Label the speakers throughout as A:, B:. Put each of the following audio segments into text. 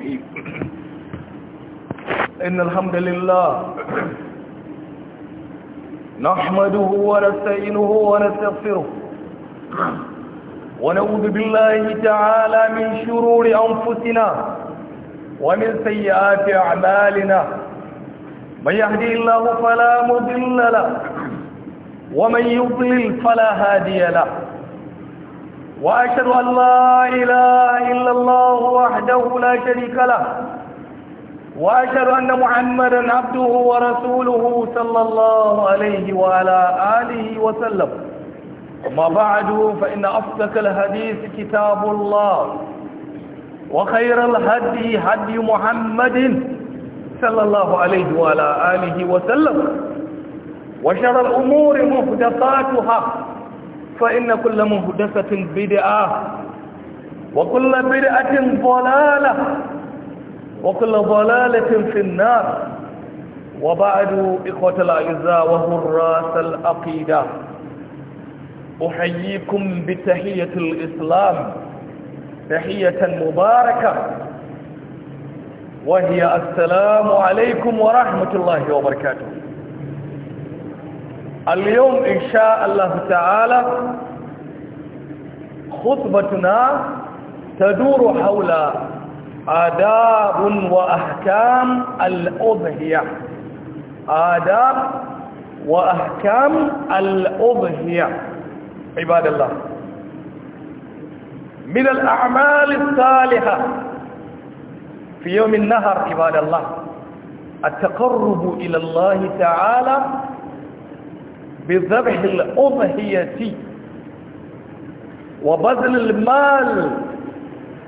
A: الرحيم إن الحمد لله نحمده ونستعينه ونستغفره ونعوذ بالله تعالى من شرور أنفسنا ومن سيئات أعمالنا من يهدي الله فلا مضل له ومن يضلل فلا هادي له وأشهد أن لا إله إلا الله وحده لا شريك له وأشهد أن محمدا عبده ورسوله صلى الله عليه وعلى آله وسلم أما بعد فإن أصدق الحديث كتاب الله وخير الهدي هدي محمد صلى الله عليه وعلى آله وسلم وشر الأمور محدثاتها فإن كل مهدسة بدعة وكل بدعة ضلالة وكل ضلالة في النار وبعد إخوة الأعزاء وهراس العقيدة أحييكم بتحية الإسلام تحية مباركة وهي السلام عليكم ورحمة الله وبركاته اليوم إن شاء الله تعالى خطبتنا تدور حول آداب وأحكام الأضحية آداب وأحكام الأضحية عباد الله من الأعمال الصالحة في يوم النهر عباد الله التقرب إلى الله تعالى بذبح الأضحية وبذل المال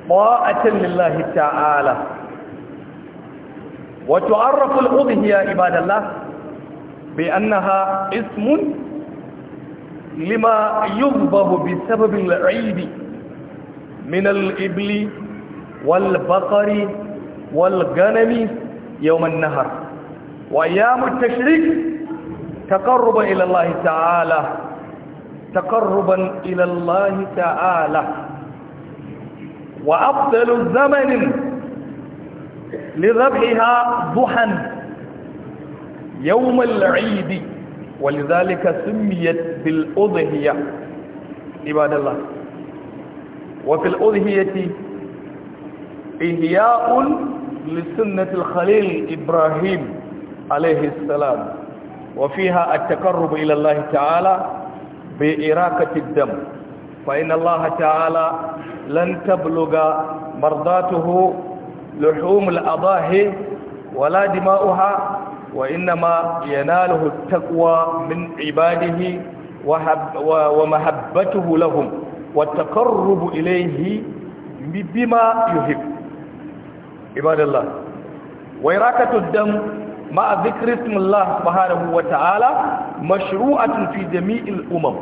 A: طاعة لله تعالى وتعرف الأضحية عباد الله بأنها اسم لما يذبح بسبب العيد من الإبل والبقر والغنم يوم النهر وأيام التشريك تقربا إلى الله تعالى تقربا إلى الله تعالى وأفضل زمن لذبحها ضحا يوم العيد ولذلك سميت بالأضحية عباد الله وفي الأضحية إهياء لسنة الخليل إبراهيم عليه السلام وفيها التقرب إلى الله تعالى بإراقة الدم فإن الله تعالى لن تبلغ مرضاته لحوم الأضاحي ولا دماؤها وإنما يناله التقوى من عباده ومحبته لهم والتقرب إليه بما يحب عباد الله وإراقة الدم مع ذكر اسم الله سبحانه وتعالى مشروعة في جميع الأمم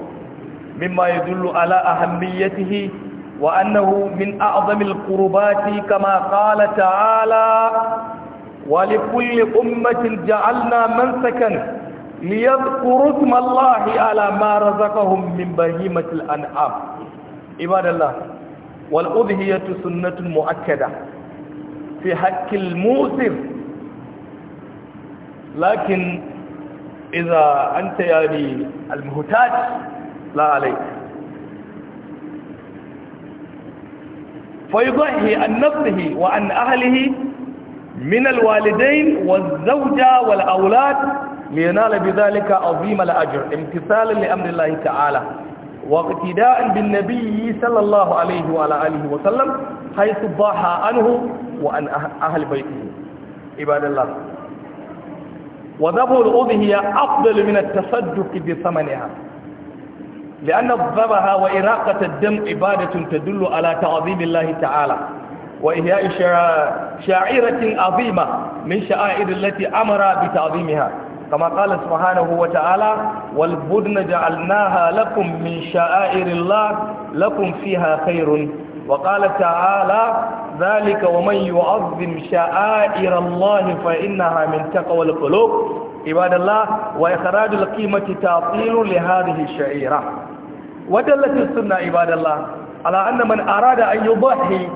A: مما يدل على أهميته وأنه من أعظم القربات كما قال تعالى ولكل أمة جعلنا منسكا ليذكروا اسم الله على ما رزقهم من بهيمة الأنعام عباد الله والأضحية سنة مؤكدة في حق الموسم لكن إذا أنت يعني المهتاج لا عليك فيضحي عن نفسه وعن أهله من الوالدين والزوجة والأولاد لينال بذلك عظيم الأجر امتثالا لأمر الله تعالى واقتداء بالنبي صلى الله عليه وعلى آله وسلم حيث ضحى عنه وعن أهل بيته عباد الله وذبح الأضحية أفضل من التصدق بثمنها لأن الذبح وإراقة الدم عبادة تدل على تعظيم الله تعالى وإحياء شاعرة عظيمة من شعائر التي أمر بتعظيمها كما قال سبحانه وتعالى والبدن جعلناها لكم من شعائر الله لكم فيها خير وقال تعالى ذلك ومن يعظم شعائر الله فإنها من تقوى القلوب عباد الله وإخراج القيمة تعطيل لهذه الشعيرة ودلت السنة عباد الله على أن من أراد أن يضحي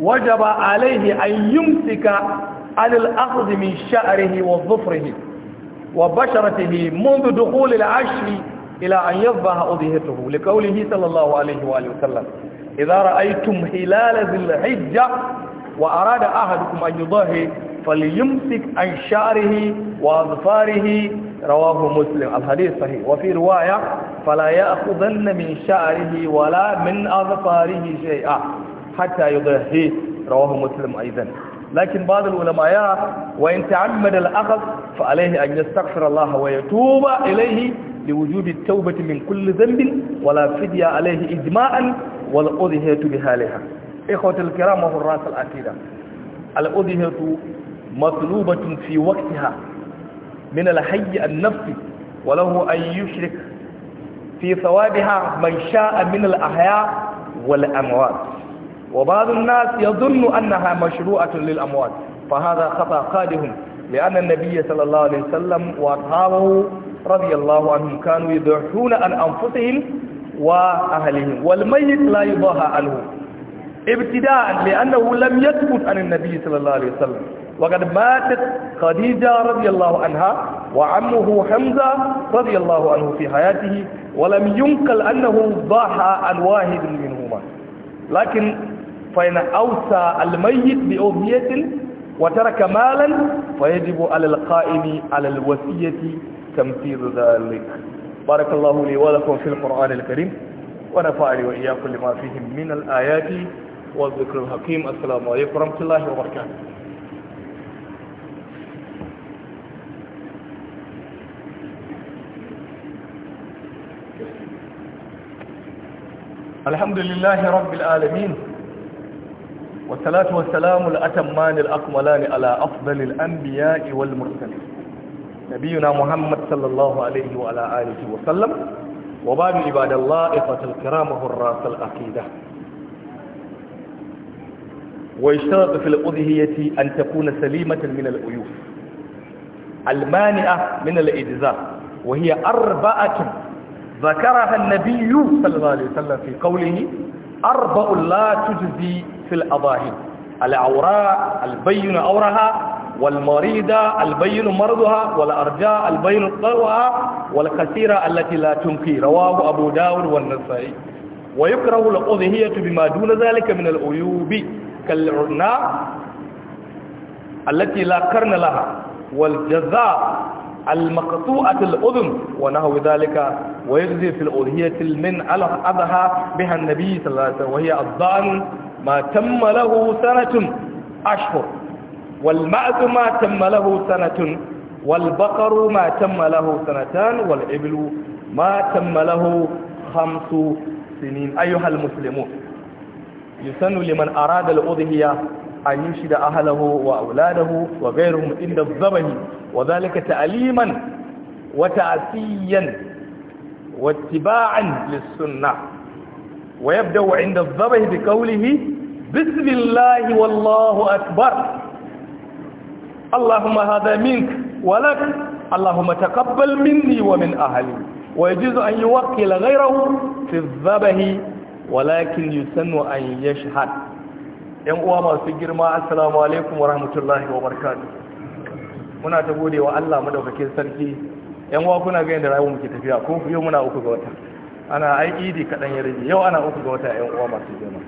A: وجب عليه أن يمسك عن الأخذ من شعره وظفره وبشرته منذ دخول العشر إلى أن يضبع أضهته لقوله صلى الله عليه وآله وسلم إذا رأيتم هلال ذي الحجة وأراد أحدكم أن يضاهي فليمسك عن شعره وأظفاره رواه مسلم الحديث صحيح وفي رواية فلا يأخذن من شعره ولا من أظفاره شيئا حتى يضاهيه رواه مسلم أيضا لكن بعض العلماء يرى وإن تعمد الأخذ فعليه أن يستغفر الله ويتوب إليه لوجود التوبة من كل ذنب ولا فدية عليه إجماعا بها بهالها إخوة الكرام الرأس الأكيدة الأذهيت مطلوبة في وقتها من الحي النفسي وله أن يشرك في ثوابها من شاء من الأحياء والأموات وبعض الناس يظن أنها مشروعة للأموات فهذا خطأ قادهم لأن النبي صلى الله عليه وسلم وأصحابه رضي الله عنهم كانوا يضحون عن أنفسهم وأهلهم والميت لا يضاهى عنه ابتداء لأنه لم يثبت عن النبي صلى الله عليه وسلم وقد ماتت خديجة رضي الله عنها وعمه حمزة رضي الله عنه في حياته ولم ينقل أنه ضاحى عن واحد منهما لكن فإن أوسى الميت بأضحية وترك مالا فيجب على القائم على الوصية تمثيل ذلك بارك الله لي ولكم في القرآن الكريم ونفعني وإياكم لما فيه من الآيات والذكر الحكيم السلام عليكم ورحمة الله وبركاته الحمد لله رب العالمين والصلاة والسلام الأتمان الأكملان على أفضل الأنبياء والمرسلين نبينا محمد صلى الله عليه وعلى آله وسلم وبعد عباد الله إخوة الكرام الرأس العقيدة ويشترط في الأضهية أن تكون سليمة من الأيوف المانعة من الإجزاء وهي أربعة ذكرها النبي صلى الله عليه وسلم في قوله أربع لا تجزي في الأضاهي العوراء البين أورها والمريضة البين مرضها والأرجاء البين طلوها والكثيرة التي لا تنكي رواه أبو داود والنسائي ويكره الأضحية بما دون ذلك من العيوب كالعناء التي لا كرن لها والجزاء المقطوعة الأذن ونهو ذلك ويجزي في الأضحية من أضحى بها النبي صلى الله عليه وسلم وهي الضأن ما تم له سنة أشهر والمأذ ما تم له سنة والبقر ما تم له سنتان والإبل ما تم له خمس سنين أيها المسلمون يسن لمن أراد الأضحية أن ينشد أهله وأولاده وغيرهم عند الزبه وذلك تعليما وتأسيا واتباعا للسنة ويبدأ عند الزبه بقوله بسم الله والله أكبر اللهم هذا منك ولك اللهم تقبل مني ومن أهلي ويجوز أن يوكل غيره في الذبه ولكن يسن أن يشهد ينقوى ما سجر ما السلام عليكم ورحمة الله وبركاته muna ta gode wa Allah madaukakin sarki yan uwa kuna ga yadda rayuwar muke tafiya ko yau muna uku ga wata ana aiki idi kadan ya rage yau ana uku ga wata yan uwa masu girma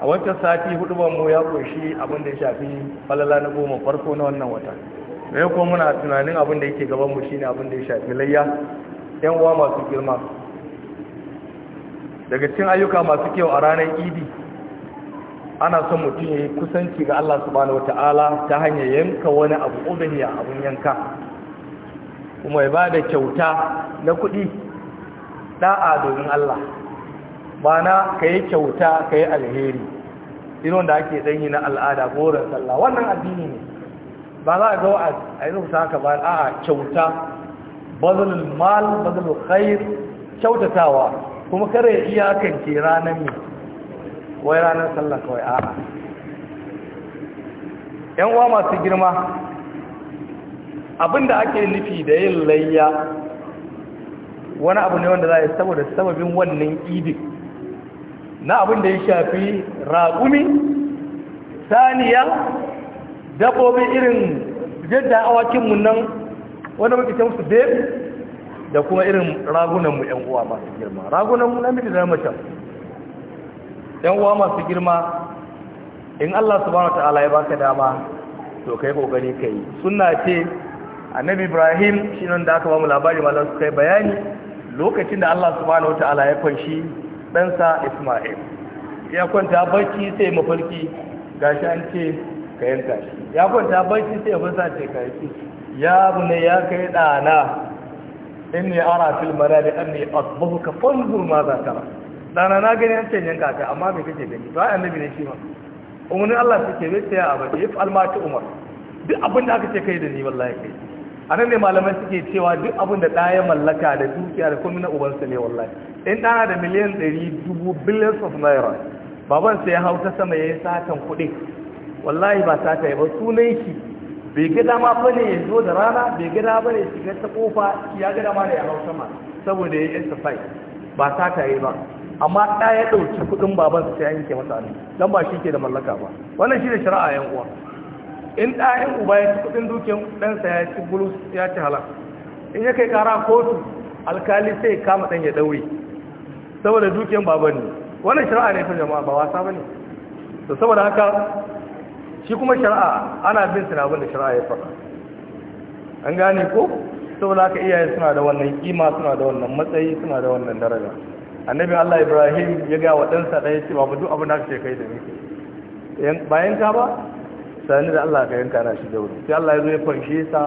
A: a wancan sati hudu mu ya kunshi abin da ya shafi falala na goma farko na wannan wata da ya kuma muna tunanin abin da yake gaban mu shine abin da ya shafi layya yan uwa masu girma daga cikin ayyuka masu kyau a ranar idi ana son mutum ya yi kusanci ga Allah subhanahu wata'ala ta hanyar yanka wani abu ubahiya abin yanka kuma ya ba da kyauta na kuɗi da'a domin Allah mana ka yi kyauta ka yi alheri irin da ake ɗanyi na al'ada goron sallah wannan addini ne ba za a zo a yi rubuta haka ba a kyauta bazalul mal bazalul khair kyautatawa kuma kare iyakan ke ranar ne wai ranar sallah kawai a'a yan uwa masu girma abinda ake nufi da yin layya wani abu ne wanda za a yi saboda sababin wannan idin na abin da ya shafi raƙumi saniya dabbobi irin jadda awakinmu nan wanda muke su beb da kuma irin ragunanmu yan uwa masu girma ragunanmu na miji da mace yan uwa masu girma in Allah subhanahu ta'ala ya baka dama to kai kokari kai suna ce annabi Ibrahim shi nan da aka ba mu labari malan su kai bayani lokacin da Allah subhanahu ta'ala ya fanshi ɗansa ismail ya kwanta barci sai mafarki gashi an ce ka yanka shi ya kwanta barci sai mafarsa ce ka shi. ya bune ya kai ɗana in ne ara fil manami an ne asbahu ka fanzur ma za tara ɗana na gani an ce yanka ka amma me kake gani to ai annabi ne shi ma Umarni Allah ke bai ya a bace ya fi almati umar duk abin da aka ce kai da ni wallahi kai a nan ne malamai suke cewa duk abin da ɗaya mallaka da dukiya da kuma na ubansa ne wallahi in ɗana da miliyan ɗari dubu billions of naira baban sai ya hau ta sama ya yi satan kuɗi wallahi ba sata ba sunan shi bai gida ma ba ne ya zo da rana bai gada ba ne shiga ta kofa ya gida ma da ya hau sama saboda ya yi exercise ba sata yi ba amma ɗa ya ɗauki kuɗin baban sai an yanke masa ne don ba shi ke da mallaka ba wannan shi da shari'a yan uwa in ɗa yan uba ya ci kuɗin dukiyan ɗansa ya ci bulus ya ci halak in ya kai ƙara kotu alkali sai kama ɗan ya ɗaure saboda dukiyan baban ne wannan shari'a ne ta jama'a ba wasa bane to saboda haka shi kuma shari'a ana bin sinabin da shari'a ya faɗa an gane ko saboda haka iyaye suna da wannan kima suna da wannan matsayi suna da wannan daraja annabi Allah Ibrahim ya ga wadansa da yace babu duk abin da ake kai da ni bayan ka ba sani da Allah ka yanka na shi da wuri sai Allah ya zo ya fanshe sa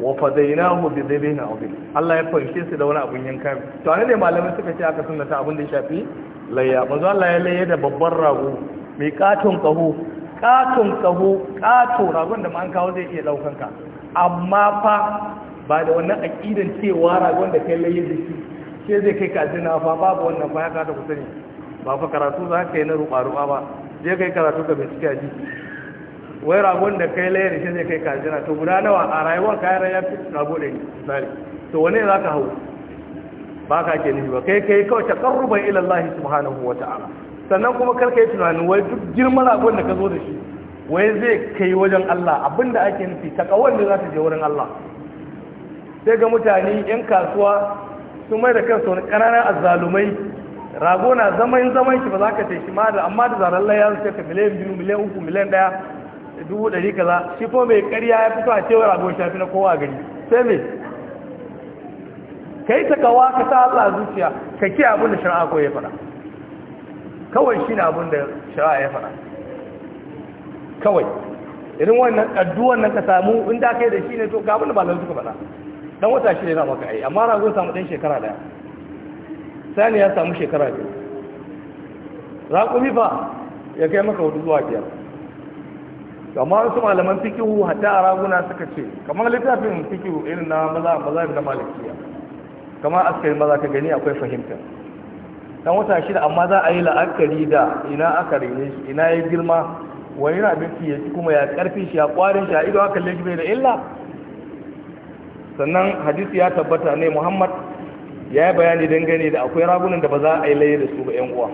A: wa fadainahu bi dhabhin adil Allah ya fanshe su da wani abun yanka to ne malamai suka ce aka sunnata abun da ya shafi layya manzo Allah ya layya da babban rago mai katon kaho katon kaho kato ragon da ma an kawo zai iya daukan ka amma fa ba da wannan aqidan cewa ragon da kai layya da shi sai zai kai ka jina fa babu wannan fa ya ka ta sani. ba fa karatu za ka yi na ruba ruba ba je kai karatu ka bincike ji wai ragon da kai layar shi zai kai kajina to guda nawa a rayuwar kayan rayar fi rago da yi misali to wane za ka hau ba ka ke nufi ba kai kai kawai takarruban ilallahi subhanahu wa ta'ala sannan kuma kar yi tunanin wai duk girman ragon da ka zo da shi wai zai kai wajen Allah da ake nufi takawar da za ta je wurin Allah sai ga mutane yan kasuwa sun mai da kansu wani ƙananan azzalumai rago na zaman zaman shi ba za ka ce shi ma da amma da zarar laya sai ka miliyan biyu miliyan uku miliyan ɗaya dubu ɗari kaza shi ko mai ƙarya ya fito a cewar abin shafi na kowa gari sai mai ka ta kawa ka sa Allah zuciya ka ki abin da shari'a ko ya fara kawai shi na abin da shari'a ya fara kawai irin wannan addu'an nan ka samu in da kai da shi ne to ga abin da ba lalata ka fara dan wata shi ne na maka ai amma ragon samu ɗan shekara ɗaya sani ya samu shekara biyu raƙumi fa ya kai maka hudu zuwa biyar amma wasu malaman fikihu hatta a raguna suka ce kamar littafin fikihu irin na maza maza da malikiya kamar askari maza ka gani akwai fahimta dan wata shida amma za a yi la'akari da ina aka rene shi ina ya girma wani na abinci ya ci kuma ya karfi shi ya kwarin shi a ido aka lege bai da illa sannan hadisi ya tabbata ne muhammad ya yi bayani dangane da akwai ragunan da ba za a yi laye da su ba yan uwa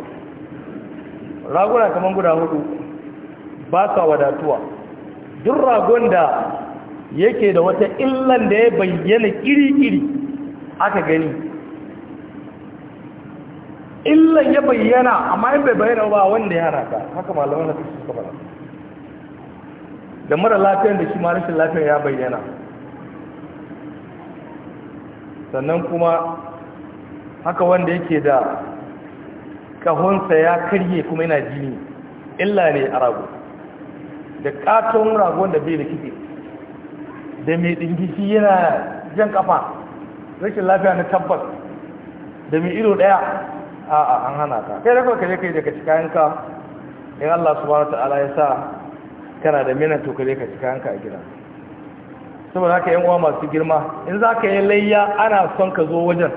A: raguna kamar guda hudu ba sa wadatuwa duk ragon da yake da wata illan da ya bayyana kiri-kiri aka gani illan ya bayyana amma in bai bayyana ba wanda ya raka haka malamar da suka fara da mara lafiyar da shi ma rashin lafiyar ya bayyana sannan kuma haka wanda yake da kahonsa ya karye kuma yana jini illa ne a ragu. da katon ragon da bai da kike da mai dingiki yana jan kafa rashin lafiya na tabbas da mai ido daya a a an hana ka kai da kuma kai ka in Allah subhanahu ta'ala ya sa kana da mina to ka ci kayanka a gida saboda haka yan uwa masu girma in za ka yi layya ana son ka zo wajen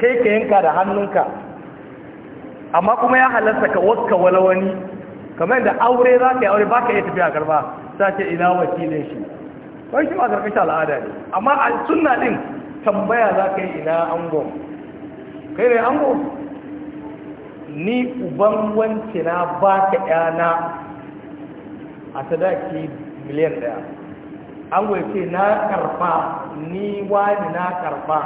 A: kai ka yanka da hannunka amma kuma ya halatta ka waska wala wani kamar da aure za ka yi aure ba ka yi tafiya karba ta ce ina wakilin shi wai shi ma karkashin al'ada ne amma a suna ɗin tambaya za ka yi ina ango kai ne ango ni uban wanci ba ka yana a sadaki miliyan daya ango ya ce na karfa ni wani na karfa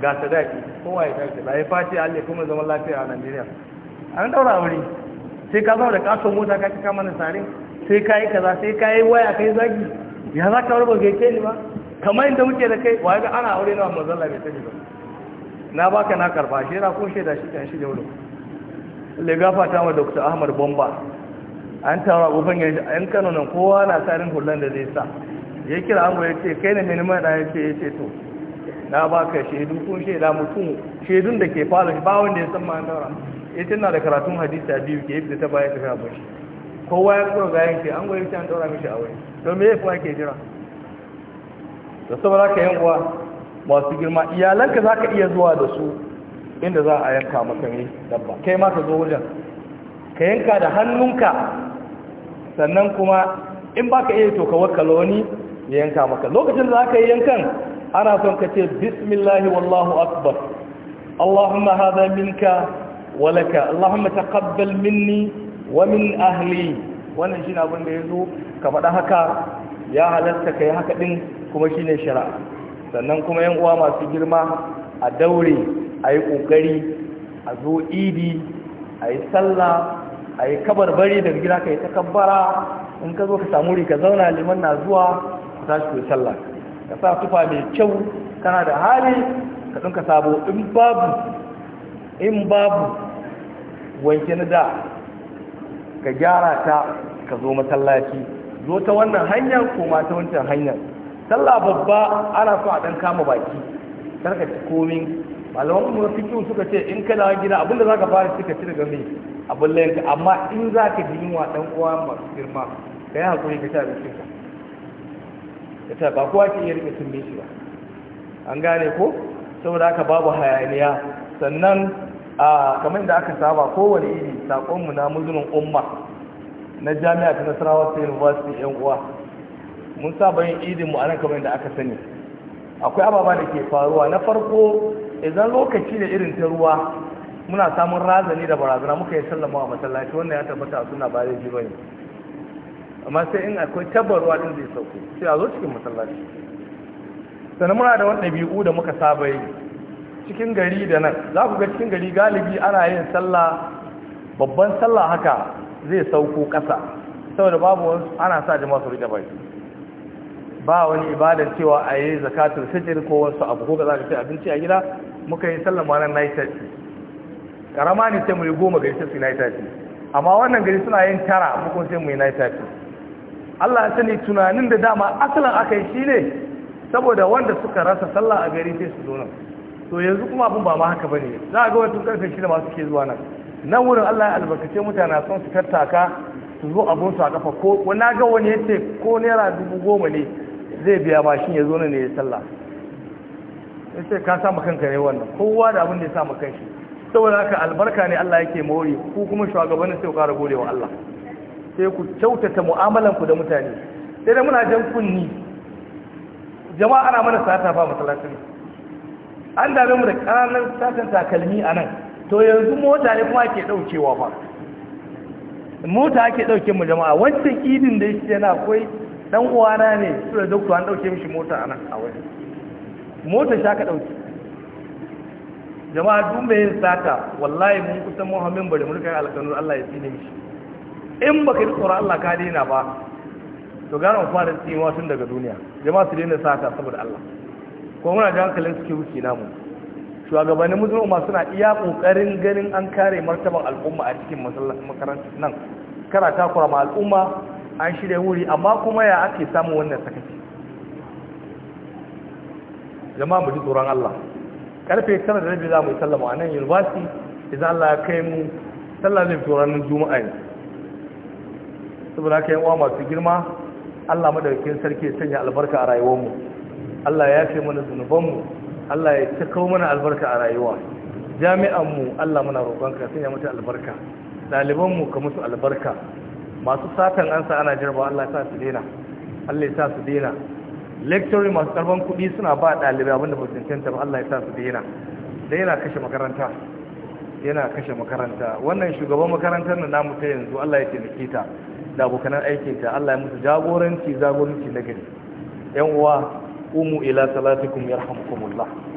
A: ga sadaki kowa ya tashi ba ya fashe allah zaman lafiya a najeriya an daura wuri sai ka zama da katon mota ka cika mana sare sai ka yi kaza sai ka yi waya ka yi zagi ya za ka warba gaike ne ba kamar inda muke da kai wa ga ana aure na mazalla bai ta ba na baka na karba shi yana ko shaida shi kan shi da wuri le gafata ma dr ahmad bomba an tara gufan an kano nan kowa na tsarin hulɗan da zai sa ya kira ango ya ce kai ne mai neman da ya ce ya ce to na baka shaidu kun shaida mutum shaidun da ke fara ba wanda ya san ma an daura ita na da karatun hadisi a biyu ke yadda ta baya ta shafa bashi kowa ya kura gayan ke an goyi an daura mishi a wani don me yafi ke jira da saboda ka yan uwa masu girma iyalanka za ka iya zuwa da su inda za a yanka maka ne dabba kai ma ka zo wajen ka yanka da hannunka sannan kuma in ba ka iya to ka wakala wani ya yanka maka lokacin da za ka yi yankan ana son ka ce bismillahi wallahu akbar allahumma hada minka ولك اللهم تقبل مني ومن أهلي wannan shi abin da ya zo ka faɗa haka ya halarta ka yi haka ɗin kuma shi ne shari'a sannan kuma yan uwa masu girma a daure a yi ƙoƙari a zo idi a yi sallah a yi kabarbari daga gida ka yi takabbara in ka zo ka samu ka zauna liman na zuwa ku tashi ku yi ka sa tufa mai kyau kana da hali ka ɗinka sabo in babu in babu wanke na da ka gyara ta ka zo masallaci zo ta wannan hanyar ko ma ta wancan hanyar sallah babba ana so a ɗan kama baki karka ci komin malaman umar fikiyu suka ce in ka dawo gida abinda za ka fara suka ci daga mai abin layanka amma in za ka ji yin wa uwa masu girma ka yi haƙuri ka ci abincin ka ka ci ba kowa ke iya rike sun shi ba an gane ko saboda haka babu hayaniya sannan a kamar da aka saba kowane iri saƙonmu na muzunin umma na jami'a ta nasarawa ta university yan uwa mun saba yin idin mu anan kamar da aka sani akwai ababa da ke faruwa na farko idan lokaci da irin ta ruwa muna samun razani da barazana muka yi sallama a masallaci wannan ya tabbata suna ba da jiba ne amma sai in akwai tabbarwa din zai sauko sai a zo cikin masallaci sannan muna da wani ɗabi'u da muka saba yi cikin gari da nan za ku ga cikin gari galibi ana yin sallah babban sallah haka zai sauko ƙasa saboda babu wani ana sa jama'a su rike baki ba wani ibadar cewa a yi zakatul fitr ko wasu abu ko za ka ce abinci a gida muka yi sallah ma nan night karama ne sai mu yi goma gari sai su night amma wannan gari suna yin tara mukun sai mu yi night Allah ya sani tunanin da dama asalin aka yi ne saboda wanda suka rasa sallah a gari sai su zo nan to yanzu kuma abin ba ma haka bane za a ga wata karfe shida masu ke zuwa nan nan wurin Allah ya albarkace mutane son su tattaka su zo a su a kafa ko wani ga wani yace ko naira dubu goma ne zai biya mashin ya zo nan ne ya sallah ya ce ka sa kanka ne wannan kowa da abin da ya sa kan shi saboda haka albarka ne Allah yake mori ku kuma shugabannin sai ku kara gode wa Allah sai ku kyautata mu'amalan ku da mutane sai da muna jan kunni jama'a ana mana sata ba masallaci an dame mu da ƙananan sakan takalmi a nan to yanzu mota ne kuma ake ɗaukewa ba mota ake ɗauke mu jama'a wancan idin da shi yana kai dan uwana ne su da doktor an ɗauke mishi mota a nan a wani mota sha ka ɗauke jama'a dun mai sata wallahi mun kusan muhammin bari mun kai alƙanun Allah ya tsine mishi in baka yi tsoron Allah ka daina ba to gara mu fara tsinewa tun daga duniya jama'a su daina sata saboda Allah kuma muna da hankalin suke wuce namu shugabannin musulma suna iya kokarin ganin an kare martaban al'umma a cikin makarantar nan kara takura ma al'umma an shirya wuri amma kuma ya ake samun wannan sakaci jama'a mu ji tsoron Allah karfe 9 da rabi za mu yi sallama a nan university idan Allah ya kai mu sallar zai tsoron ranar juma'a ne saboda kai uwa masu girma Allah madaukakin sarki ya sanya albarka a rayuwarmu Allah ya fi mana zunubanmu Allah ya ta kawo mana albarka a rayuwa jami'anmu Allah muna roƙonka sanya mutu albarka ɗalibanmu ka musu albarka masu satan an sa ana jirba Allah ya sa su daina Allah ya sa su daina lecturing masu karban kuɗi suna ba ɗalibai abinda ba su cancanta ba Allah ya sa su daina da yana kashe makaranta yana kashe makaranta wannan shugaban makarantar na namu ta yanzu Allah ya taimake ta da abokanan aikinta Allah ya musu jagoranci jagoranci na gari yan uwa قوموا إلى صلاتكم يرحمكم الله